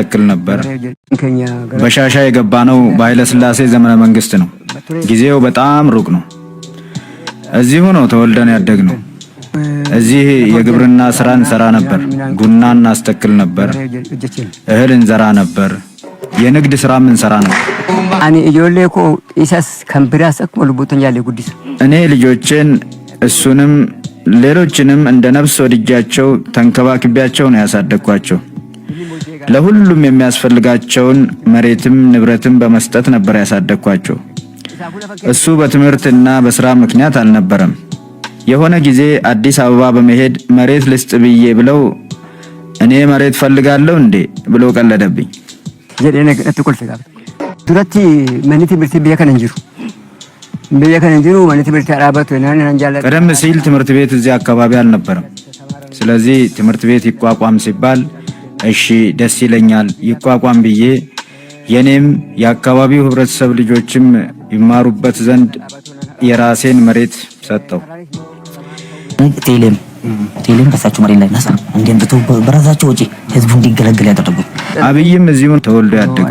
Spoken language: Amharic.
ትክክል ነበር። በሻሻ የገባ ነው በኃይለ ሥላሴ ዘመነ መንግስት ነው። ጊዜው በጣም ሩቅ ነው። እዚሁ ነው ተወልደን ያደግ ነው። እዚህ የግብርና ስራ እንሰራ ነበር። ቡና እናስተክል ነበር። እህል እንዘራ ነበር። የንግድ ስራም እንሰራ ነበር። እኔ ልጆችን እሱንም ሌሎችንም እንደ ነፍስ ወድጃቸው ተንከባክቢያቸው ነው ያሳደግኳቸው። ለሁሉም የሚያስፈልጋቸውን መሬትም ንብረትም በመስጠት ነበር ያሳደግኳቸው። እሱ በትምህርትና በስራ ምክንያት አልነበረም። የሆነ ጊዜ አዲስ አበባ በመሄድ መሬት ልስጥ ብዬ ብለው እኔ መሬት ፈልጋለሁ እንዴ ብሎ ቀለደብኝ። ዱረቲ መኒ ትምህርት ቀደም ሲል ትምህርት ቤት እዚህ አካባቢ አልነበረም። ስለዚህ ትምህርት ቤት ይቋቋም ሲባል እሺ ደስ ይለኛል ይቋቋም ብዬ የኔም የአካባቢው ህብረተሰብ ልጆችም ይማሩበት ዘንድ የራሴን መሬት ሰጠው። ቴሌም ቴሌም በሳቸው መሬት ላይ ነሳ እንዲንጥቶ በራሳቸው ወጪ ህዝቡ እንዲገለገል ያደረጉ አብይም እዚሁ ተወልዶ ያደገ